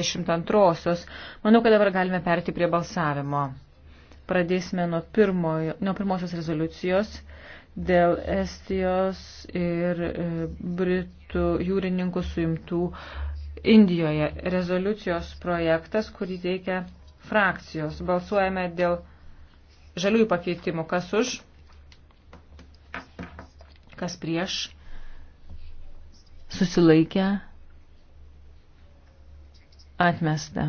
22-osios. Manau, kad dabar galime perti prie balsavimo. Pradėsime nuo, pirmojo, nuo pirmosios rezoliucijos dėl Estijos ir e, Britų jūrininkų suimtų Indijoje. Rezoliucijos projektas, kurį teikia frakcijos. Balsuojame dėl žaliųjų pakeitimų. Kas už? Kas prieš? Susilaikę? Atmesta.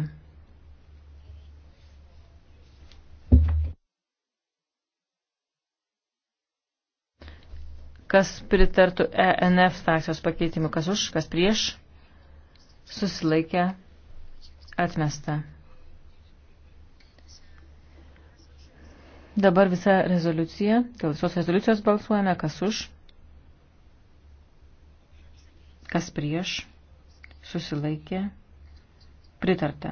Kas pritartų ENF frakcijos pakeitimui, kas už, kas prieš, susilaikė, atmesta. Dabar visa rezoliucija, dėl visos rezoliucijos balsuojame, kas už, kas prieš, susilaikė, Pritarta.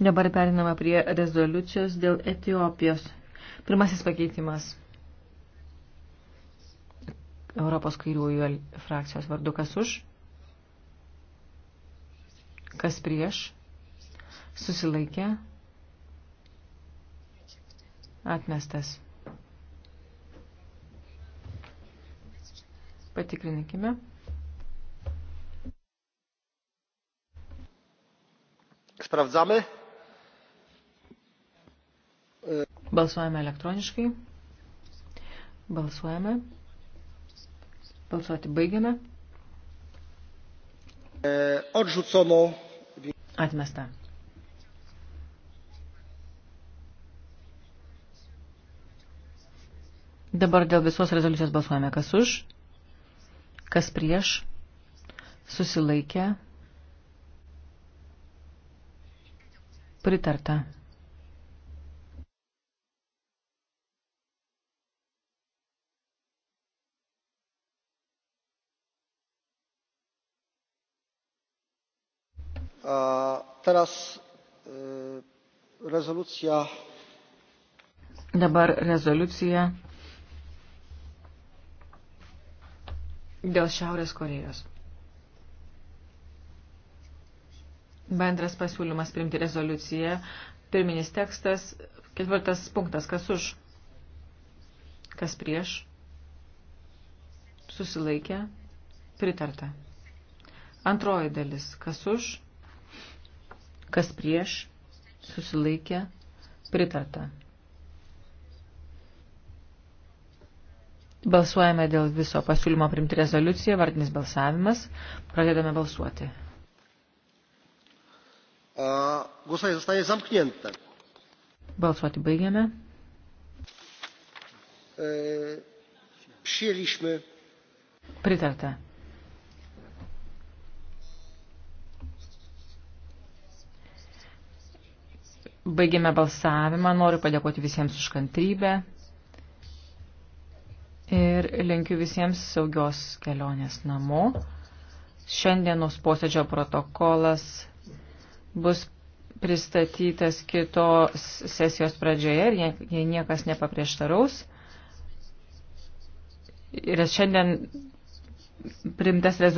Dabar perinama prie rezoliucijos dėl Etijopijos. Pirmasis pakeitimas. Europos kairiųjų frakcijos vardu kas už, kas prieš, susilaikė, Atmestas. Patikrinkime. Sprawdzamy. Balsuojame elektroniškai. Balsuojame. Balsuoti baigiame. E, odrzucono. Atmesta. Dabar dėl visos rezoliucijos balsuojame, kas už, kas prieš, susilaikę, pritarta. teraz e, rezoliucja dabar rezoliucija dėl Šiaurės Korejos. Bendras pasiūlymas primti rezoliuciją, pirminis tekstas, ketvirtas punktas, kas už, kas prieš, susilaikė, pritarta. Antroji dalis, kas už, kas prieš, susilaikė, pritarta. Balsuojame dėl viso pasiūlymo primti rezoliuciją, vardinis balsavimas. Pradedame balsuoti. Głosowanie zostaje zamknięte. Balsuoti baigiame. E, przyjęliśmy. Pritarta. Baigėme balsavimą. Noriu padėkoti visiems už kantrybę ir linkiu visiems saugios kelionės namo. Šiandienos posėdžio protokolas bus pristatytas kitos sesijos pradžioje ir jei niekas nepaprieštaraus. Ir šiandien primtas rezoliucijas.